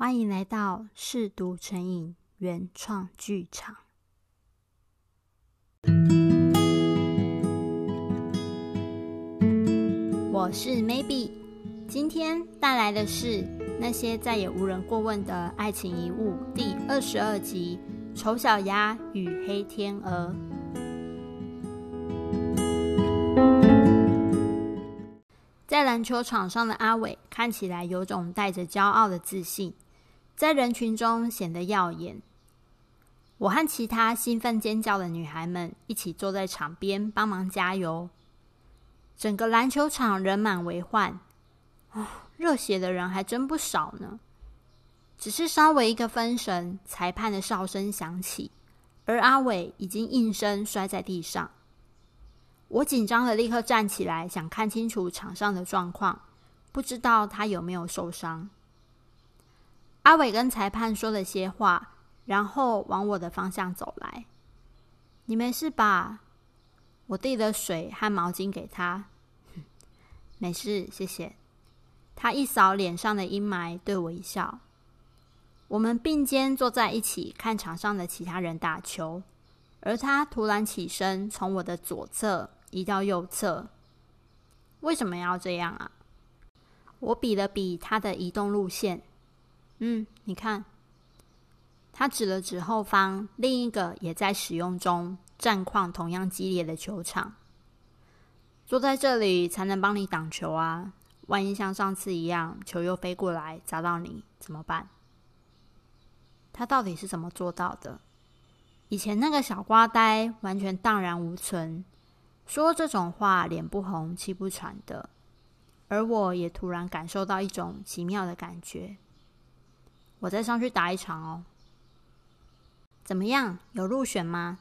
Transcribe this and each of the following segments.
歡迎來到《試讀成癮》原創劇場，我是 Maybe，今天帶來的是《那些再也無人過問的愛情遺物》第二十二集《醜小鴨與黑天鵝》。在籃球場上的阿偉看起來有種帶着驕傲的自信。在人群中顯得耀眼。我和其他興奮尖叫的女孩們一起坐在場邊幫忙加油。整個籃球場人滿為患，哦，熱血的人還真不少呢。只是稍微一個分神，裁判的哨聲響起，而阿偉已經應聲摔在地上。我緊張的立刻站起來，想看清楚場上的狀況，不知道他有沒有受傷。阿偉跟裁判說了些話，然後往我的方向走來。你沒事吧？我遞了水和毛巾給他。沒事，謝謝。他一掃臉上的陰霾，對我一笑。我們並肩坐在一起看場上的其他人打球，而他突然起身，從我的左側移到右側。為什麼要這樣啊？我比了比他的移動路線。嗯，你看，他指了指後方另一個也在使用中、戰況同樣激烈的球場。坐在這裡才能幫你擋球啊！萬一像上次一樣，球又飛過來砸到你怎麼辦？他到底是怎麼做到的？以前那個小瓜呆完全蕩然無存，說這種話臉不紅氣不喘的。而我也突然感受到一種奇妙的感覺。我再上去打一場哦。怎麼樣？有入選嗎？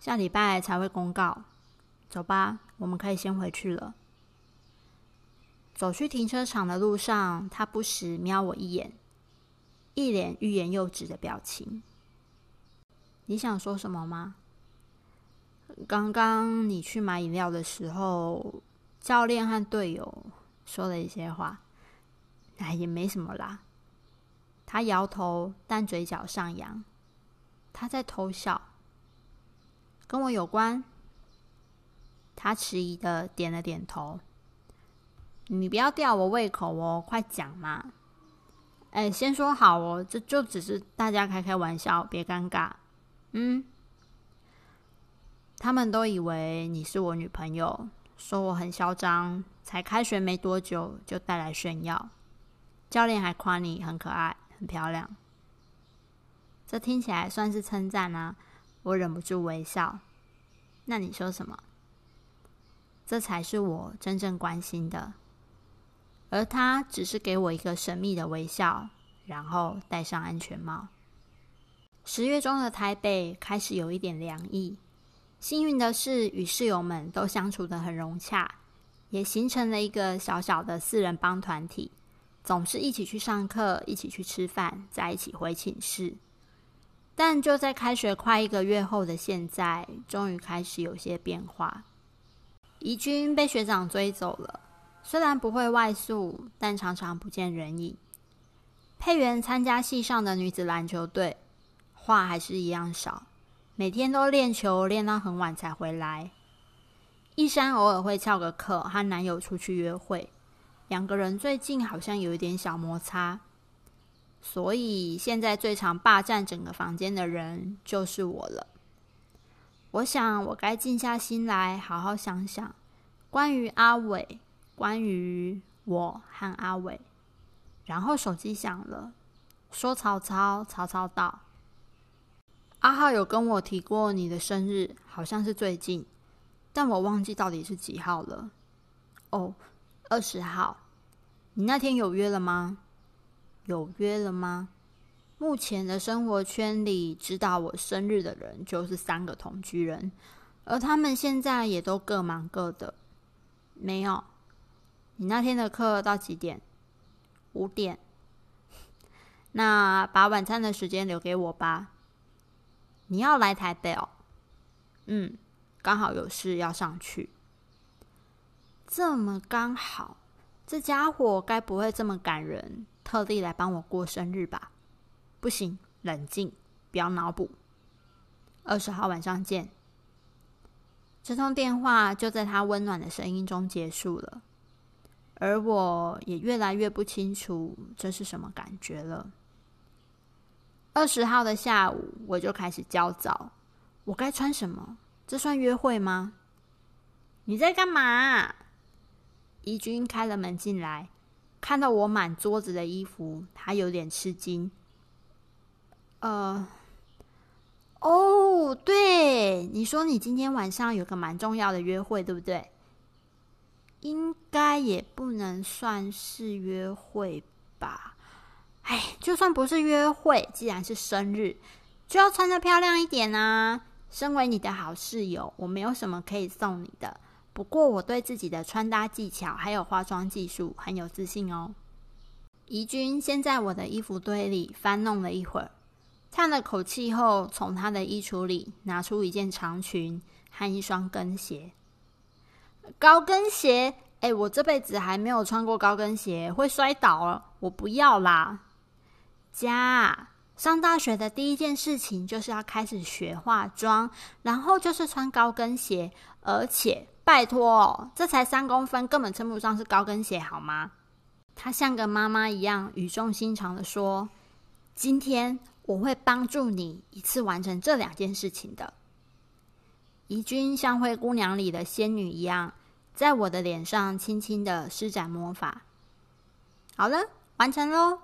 下禮拜才會公告。走吧，我們可以先回去了。走去停車場的路上，他不時瞄我一眼，一臉欲言又止的表情。你想說什麼嗎？剛剛你去買飲料的時候，教練和隊友說了一些話。哎，也沒什麼啦。他搖頭，但嘴角上揚，他在偷笑。跟我有關？他遲疑的點了點頭。你不要吊我胃口哦，快講嘛！哎，先說好哦，這就只是大家開開玩笑，別尷尬。嗯？他們都以為你是我女朋友，說我很囂張，才開學沒多久就帶來炫耀。教練還誇你很可愛。很漂亮，這聽起來算是稱讚啊！我忍不住微笑。那你說什麼？這才是我真正關心的。而他只是給我一個神秘的微笑，然後戴上安全帽。十月中的台北開始有一點涼意。幸運的是，與室友們都相處得很融洽，也形成了一個小小的四人幫團體。總是一起去上課，一起去吃飯，再一起回寢室。但就在開學快一個月後的現在，終於開始有些變化。怡君被學長追走了，雖然不會外宿，但常常不見人影。佩元參加系上的女子籃球隊，話還是一樣少，每天都練球，練到很晚才回來。一山偶爾會翹個課，和男友出去約會。兩個人最近好像有一點小摩擦，所以現在最常霸占整個房間的人就是我了。我想我該靜下心來，好好想想關於阿偉，關於我和阿偉。然後手機響了，說曹操：“曹操。”曹操到：“阿浩有跟我提過你的生日，好像是最近，但我忘記到底是幾號了。”哦。二十號，你那天有約了嗎？有約了嗎？目前的生活圈裡知道我生日的人就是三個同居人，而他們現在也都各忙各的。沒有。你那天的課到幾點？五點。那把晚餐的時間留給我吧。你要來台北哦。嗯，剛好有事要上去。這麼剛好，這家伙該不會這麼感人，特地來幫我過生日吧？不行，冷靜，不要腦補。二十號晚上見。這通電話就在他溫暖的聲音中結束了，而我也越來越不清楚這是什麼感覺了。二十號的下午，我就開始焦躁。我該穿什麼？這算約會嗎？你在幹嘛？怡君開了門進來，看到我滿桌子的衣服，他有點吃驚。呃，哦，對，你說你今天晚上有個蠻重要的約會，對不對？應該也不能算是約會吧。哎，就算不是約會，既然是生日，就要穿得漂亮一點啊。身為你的好室友，我沒有什麼可以送你的。不過，我對自己的穿搭技巧還有化妝技術很有自信哦。怡君先在我的衣服堆裡翻弄了一會兒，嘆了口氣後，從她的衣櫥裡拿出一件長裙和一雙跟鞋。高跟鞋？哎、欸，我這輩子還沒有穿過高跟鞋，會摔倒了。我不要啦。家，上大學的第一件事情就是要開始學化妝，然後就是穿高跟鞋，而且。拜託，這才三公分，根本稱不上是高跟鞋，好嗎？她像個媽媽一樣語重心長的說：“今天我會幫助你一次完成這兩件事情的。”怡君像灰姑娘裡的仙女一樣，在我的臉上輕輕的施展魔法。好了，完成嘍！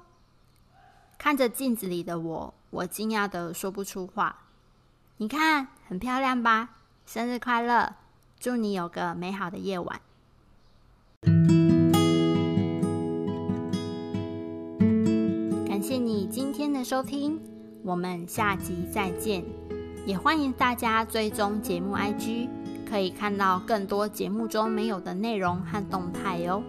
看着鏡子裡的我，我驚訝的說不出話。你看，很漂亮吧？生日快樂！祝你有個美好的夜晚。感謝你今天的收聽，我們下集再見。也歡迎大家追蹤節目 IG，可以看到更多節目中沒有的內容和動態喲、哦。